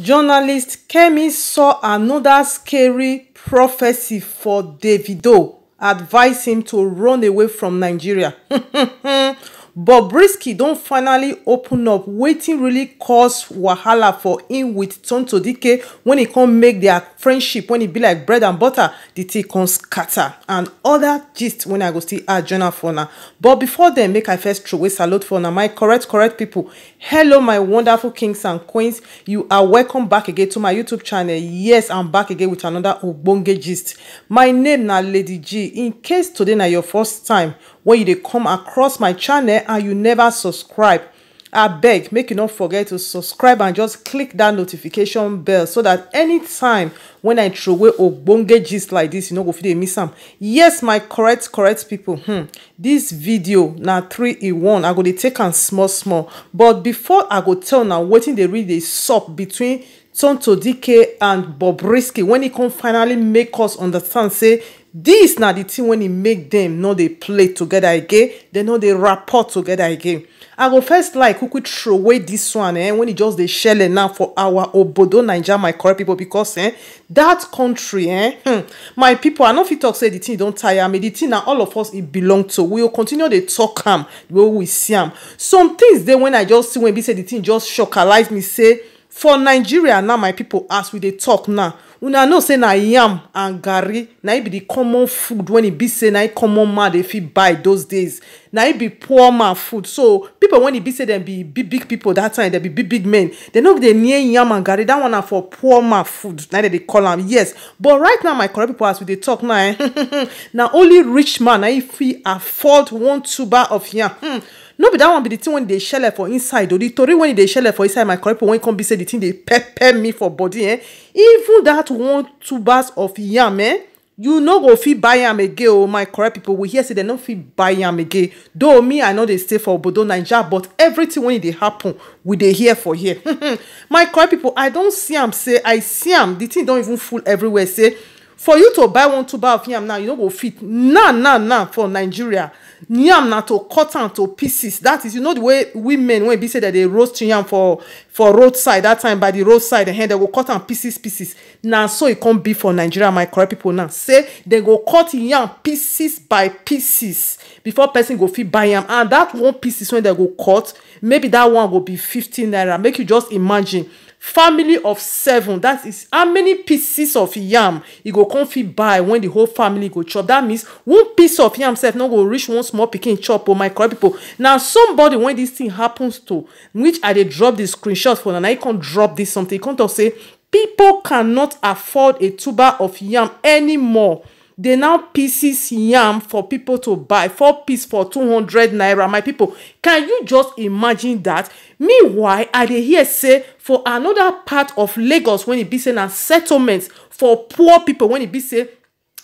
journalist kemi saw another scary prophecy for davido advising him to run away from nigeria But Brisky don finally open up wetin really cause wahala for him with tonto dike when e come make their friendship when e be like bread and butter The thing come scatter and other gist wen i go still add join am for na. but before dem make i first throw throway salute for na. my correct correct people. hello my wonderful kings and queens you are welcome back again to my youtube channel yes i'm back again with another ogbonge gist my name na lady g in case today na your first time when you dey come across my channel and you never subscribe I beg make you not forget to subscribe and just click that notification bell so dat anytime when i throw throway ogbonge gist like this, you no go fit dey miss am yes my correct correct people. hmm dis video now three in one i go dey take and small small but before i go tell now, what wetin dey really dey sup between turn to dk and bobrisky when he come finally make us understand say this now the thing when he make them no they play together again they no they rapport together again i go first like who could throw away this one eh when he just dey shele now for our obodo Niger my correct people because eh that country eh hmm my people i no fit tok say the thing don't tire me the thing now all of us it belong to we go continue the talk am wey we see am some things dey when i just see wen e be say di tin just shockalize me say for nigeria now my people as we dey talk now una know say na yam and garri na it e be the common food when e be say na e common man dey fit buy those days na it e be poor man food so people when e be say dem be big big people that time dem be big big men dem no dey near yam and garri That one na for poor man food na dem dey call am yes but right now my correct pipo as we dey talk now eh na only rich man na e fit afford one tuber of yam hmm no be that one be the thing when they shell shele for inside o di tori they shell shele for inside my correct pipo wey come be say the thing they pepper me for body eh even that one two bars of yam eh you no go fit buy am again o oh, my correct people we hear say they no fit buy am again though me i know they stay for obodo naija but everything wey dey happen we dey hear for here my correct people, i don see am say i see am The thing don even full everywhere say for you to buy one tuber of yam now you no go fit now now now for nigeria yam na to cut am to pieces that is you know the way women wey be say dem dey roast yam for for roadside that time by the roadside eh they go cut am pieces pieces na so e come be for nigeria my correct people. now say they go cut yam pieces by pieces before person go fit buy yam and that one pieces wey they go cut maybe that one go be fifteen naira make you just imagine family of seven that is how many pieces of yam e go come fit buy when the whole family go chop that means one piece of yam sef no go reach one small pikin chop o oh my correct pipo na somebody wey dis thing happens to which i dey drop the screenshot for na e come drop this something e come talk say people cannot afford a tuber of yam anymore They now pieces yam for people to buy four piece for two hundred naira my people can you just imagine that meanwhile i dey hear say for another part of lagos when e be say na settlement for poor people when e be say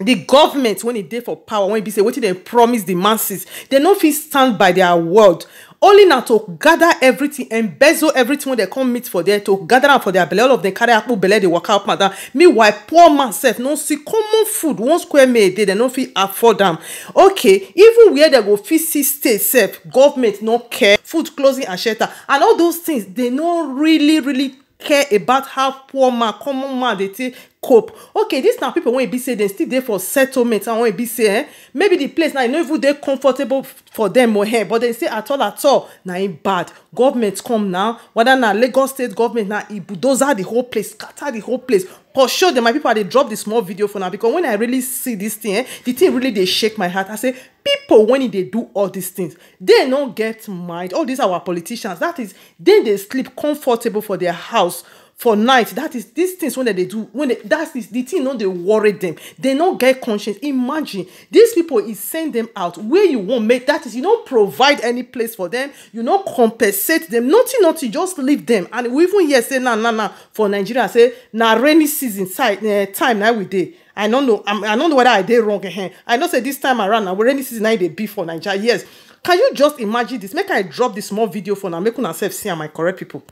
The government when e dey for power when e be say wetin dem promise the masses dem no fit stand by their word only na to gather everything embezzle everything wey dem come meet for there to gather am for their belle all of dem carry akpu belle dey waka up and down meanwhile poor man sef no see common food one square meal a day dem no fit afford am okay even where dem go fit see state sef government no care food clothing and shelter and all those things dey no really really care about how poor man common man dey take cope okay this na people wey e be say dem still dey for settlement and wey e be say eh maybe the place na e no even dey comfortable for dem or here but dem say at all at all na e bad government come now whether na lagos state government na e bulldozer di whole place scatter the whole place for sure dem my people. i dey drop di small video for now because when i really see this thing eh di thing really dey shake my heart i say people wen e dey do all these things dey no get mind all these our politicians that is dey dey sleep comfortable for their house for night that is these things wey dem dey do when they, that is the thing no dey worry them they no get conscience imagine these people is send them out where you wan make that is you no provide any place for them you no compensate them nothing nothing just leave them and we even hear say na na na for nigeria say na rainy season side, uh, time na we dey i no know I'm, i no know whether i dey wrong ehn eh. i know say this time around na rainy season na e dey be for naija yes can you just imagine this make i drop this small video for una make una sef see am my correct people.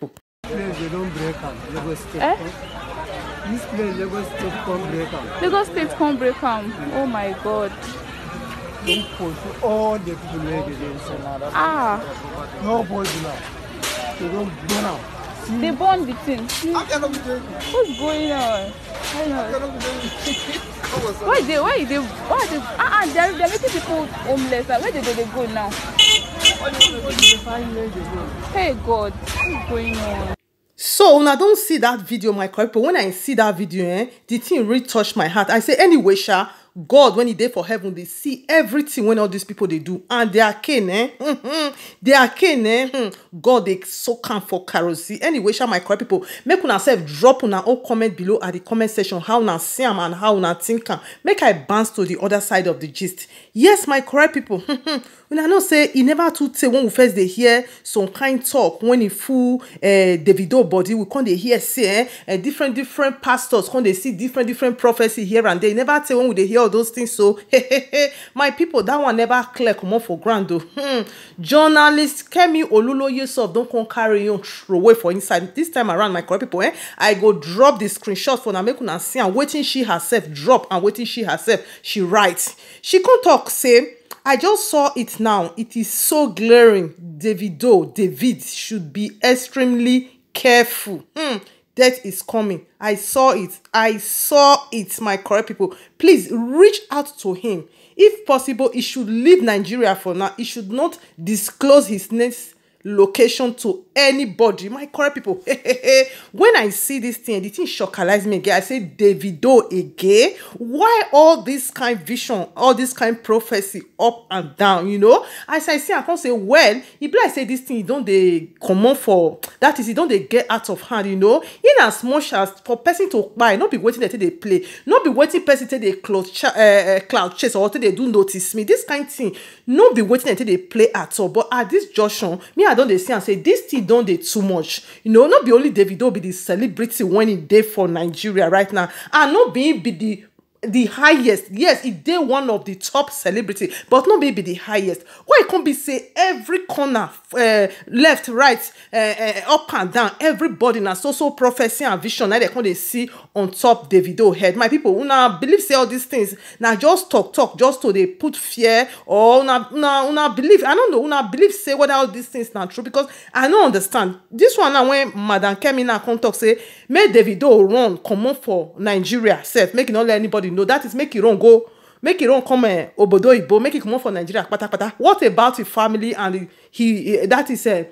place they don't break am lagos state eh? this place lagos state come break am lagos state come break up. oh my god don pursue all the people wey dey dey ah no boys now. they don burn am they burn the thing what's going on why not why they why they why they ah ah they're they're making people homeless like where did they go now. Hey God, what's going on? so when I don't see that video my correct but when i see that video eh the thing really touched my heart i say anyway sha god when He dey for heaven they see everything when all these people they do and they are cane eh mm-hmm. They are cane eh hmm. god they so am for kerosene anyway sha my correct people, make una sef drop on own comment below at the comment section how una see am and how una think am make i bounce to the other side of the gist yes my correct people. Hmm, hmm una know say e never too tey when we first dey hear some kind talk when e full eh, davido body we con dey hear say eh, eh different different pastors con dey see different different prophecy here and there e never tey when we dey hear all those things so my people that one never clear comot for ground o oh. hmm journalist kemi oluloyesof don come carry im throway for inside this time around my correct pipo eh i go drop the screenshot for make una see am wetin she herself drop and wetin she herself she write she come talk say I just saw it now. It is so glaring. Davido, David should be extremely careful. Hmm. Death is coming. I saw it. I saw it, my correct people. Please reach out to him. If possible, he should leave Nigeria for now. He should not disclose his name location to anybody my correct people when i see this thing the thing shockalize me again i say davido again why all this kind vision all this kind prophecy up and down you know as i see i can't say well e be like say this thing e don't they come comot for that is e don't they get out of hand you know in as much as for person to buy, not be waiting until they play not be waiting person take they close, cha uh, cloud chase or take they do notice me this kind thing not be waiting until they play at all but at this junction me i don dey see am say dis thing don dey too much you know no be only davido be di celebrity wen e dey for nigeria right now and no be be di the highest yes e dey one of the top celebrity but no maybe the highest why it can be say every corner eh, left right eh, eh, up and down everybody na so so prophecy and vision na they come dey see on top davido head my pipo una believe say all these things now just talk talk just to they put fear or una una believe i don't know una believe say whether all these things not true because i don't understand This one na when madam kemina come talk say make davido run on for nigeria sef make not no let anybody. everybody know that is make Iran go make Iran come uh, obodo Igbo make e comot for Nigeria patapata what about the family and he, he that is uh,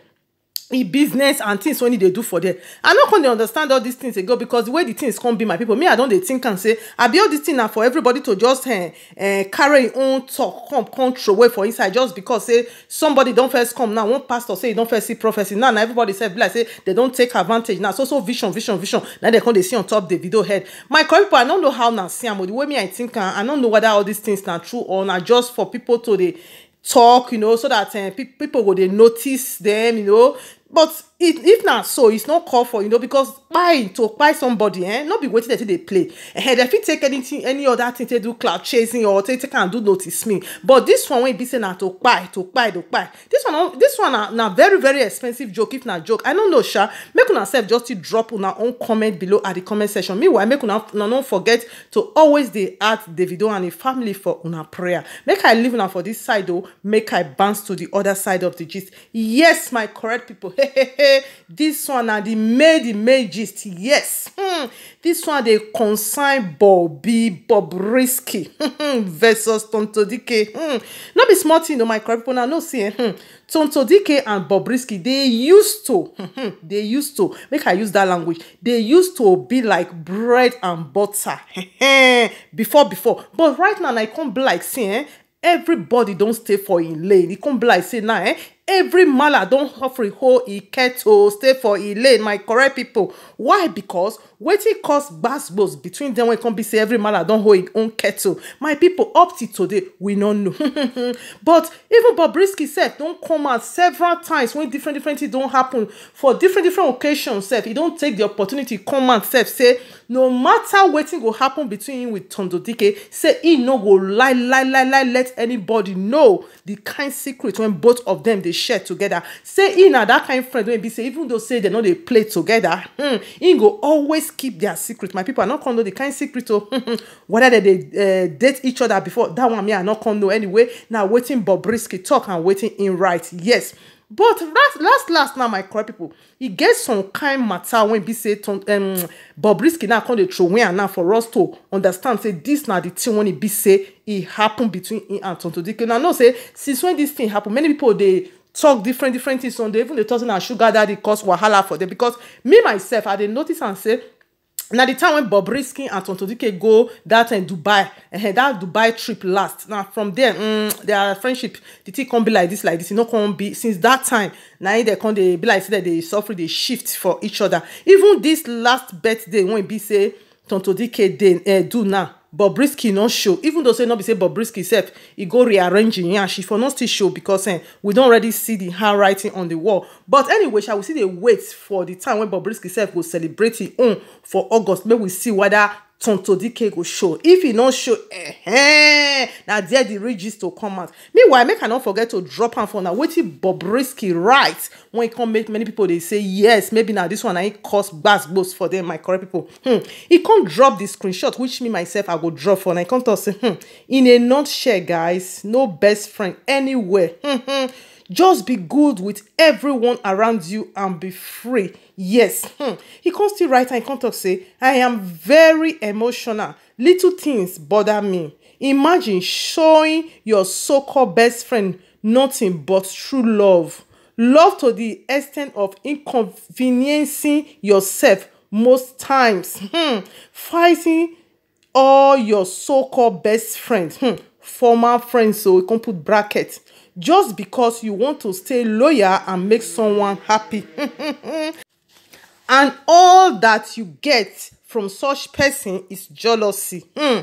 e business and things wey e dey do for there i no come dey understand all these things again because the way the things come be my people me i don dey think am say abi all this thing na for everybody to just uh, uh, carry im e own talk come come throw for inside just because say somebody don first come now one pastor say he don first see prophesy now na everybody sef be like say dem don take advantage now so so vision vision vision na dem come dey see on top the video head my correct people i no know how na see am o the way me i think am i no know whether all these things na true or na just for people to dey talk you know so that eh, pe people would they notice them you know but it, if not so it's not call for you know because kpai to buy somebody eh not be waiting dem they play eh they fit take anything any other thing take do cloud chasing or take take and do notice me but this one wey be say na to buy to buy to buy this one oh, this one na na very very expensive joke if not joke i don't know sha make una sef just to drop una own comment below at the comment section meanwhile make una una no forget to always dey add davido and im family for una prayer make i leave una for this side o oh. make i bounce to the other side of the gist yes my correct people this one na the main, the main gist yes hmm. this one dey concern bobby bobrisky versus tonto dike hmm. no be small thing o my correct people na no see eh, hmm. tonto dike and bobrisky dey used to dey hmm, hmm, used to make i use that language dey used to be like bread and butter eh, before before but right now na e come be like see eh, everybody don stay for im lane e come be like say now eh every mala don offer e hoe e kettle stay for e lane my correct people why because wetin cause gbasgbos between dem wey come be say every mala don hold im own kettle my pipo up till today we no know but even bobrisky sef don come out several times when different different things don happen for different different occasions sef e don take di opportunity come out sef say no mata wetin go happen between him with tondo dike say e no go lie lie lie lie let anybody know the kind secret when both of them dey share together. say e na that kind friend wey be say even though say dem no dey play together. hmm, e go always always keep their secret my people i not come know the kind secret o oh, whether they they uh, date each other before that one me i not come know anyway na wetin Bobrisky talk and waiting in right. yes but last last last now my correct people he get some kind matter when be say um, Bobrisky now come dey throway am now for us to understand say this now the thing when he be say it e happened between him and Tonto Dike Now no say since when this thing happen many people they talk different different things on dey even dey talking and sugar daddy cause wahala for them because me myself i dey notice and say na the time when Bobrisky and Tonto Dike go that in uh, Dubai, uh, that Dubai trip last. Now from there, mm, their friendship the thing can't be like this, like this. You know, can't be since that time. Now they can't they be like say that they suffer, they shift for each other. Even this last birthday when be say Tonto Dike they uh, do now bobrisky not show even though say not be say bobrisky self he go rearranging yeah she for not still show because eh, we don't already see the handwriting on the wall but anyway sha we see dey wait for the time when bobrisky self will celebrate his own for august make we see whether tonto dike go show if e no show eh na there the real to come out meanwhile make i no forget to drop am for na wetin bobrisky write when e come make many people dey say yes maybe na this one na e cause gbasgbos for them. my correct people. hmm e come drop the screenshot which me myself i go drop for and i e come talk say hmm in a nutshell guys no best friend anywhere hmm hmm just be good with everyone around you and be free yes hmm. e come still write am e come talk say i am very emotional little things bother me imagine showing your so-called best friend nothing but true love love to the extent of inconveniencing yourself most times hmm. fighting all your so-called best friends hmm. former friends so we can put bracket just because you want to stay loyal and make someone happy and all that you get from such person is jealousy hmm.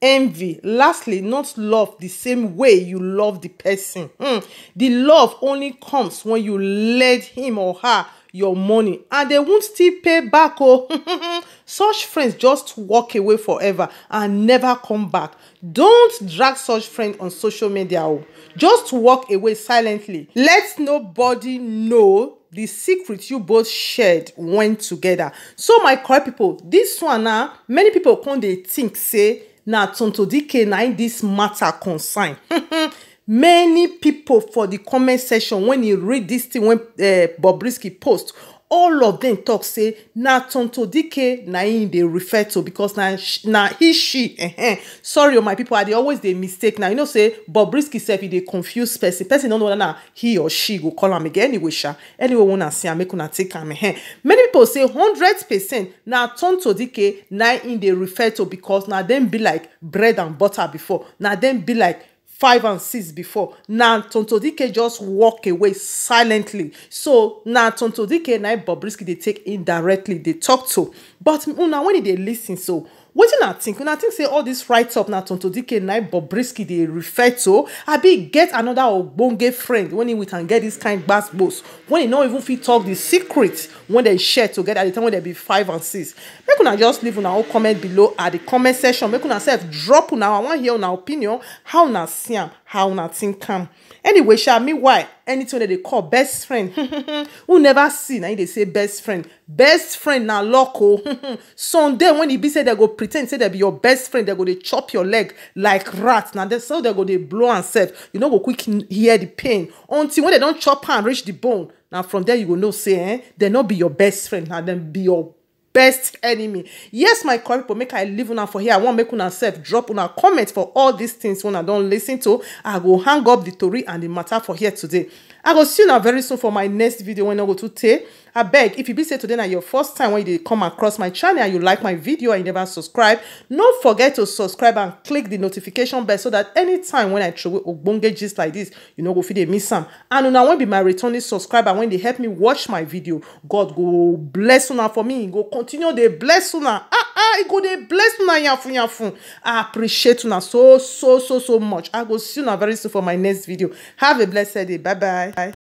envy lastly not love the same way you love the person hmm. the love only comes when you lend him or her your money and they won't still pay back oh such friends just walk away forever and never come back don't drag such friend on social media oh just walk away silently let nobody know the secret you both shared went together so my correct people, this one na many people come They think say na tonto dike na this matter consign. many people for the comment section when you read dis tin wey eh, bobrisky post all of them talk say na tonto dike na im dey refer to becos na he she -huh. Eh-, eh. sorry o oh, my people i dey always dey mistake now you know say bobrisky sef e dey confuse person person no know whether na he or she go call am again anyway sha anyway una see am make una take am -huh. Eh-, many people say hundred percent na tonto dike na im dey refer to because na dem be like bread and butter before na dem be like five and six before na Dike just walk away silently so na tontodike na bobrisky dey take indirectly dey talk to but una when e dey lis ten so wetin i think una think say all dis write up na tonto dike na bobrisky dey refer to abi e get another ogbonge friend wen we can get this kind gbasgbos wen e no even fit talk the secret wen dem share together at di time wen dem be five and six make una just leave una own comment below at the comment section make una sef drop una i wan hear una opinion how una see am how una think am anyway sha meanwhile anything wey dem dey call best friend who never see na him dey say best friend best friend na luck o sunday when e be say dem go pre ten d say dem be your best friend dem go dey chop your leg like rat na so dem go dey blow am sef you no go quick hear the pain until when dem don chop am reach the bone na from there you go know say eh dem no be your best friend na dem be your best enemy yes my correct people make i leave una for here i want make una self drop una comment for all these things when I don't listen to i go hang up the tory and the matter for here today i go see una very soon for my next video When I go too tey abeg if you be say today na your first time when you dey come across my channel and you like my video and you never subscribe no forget to subscribe and click the notification bell so dat anytime when i throw ogbonge gist like this, you no go fit dey miss am and una wen be my returning subscriber wen dey help me watch my video god go bless una for me e go continue dey bless una ah ah e go dey bless una yafun yafun i appreciate una so so so so much i go see una very soon for my next video have a blessed day bye bye.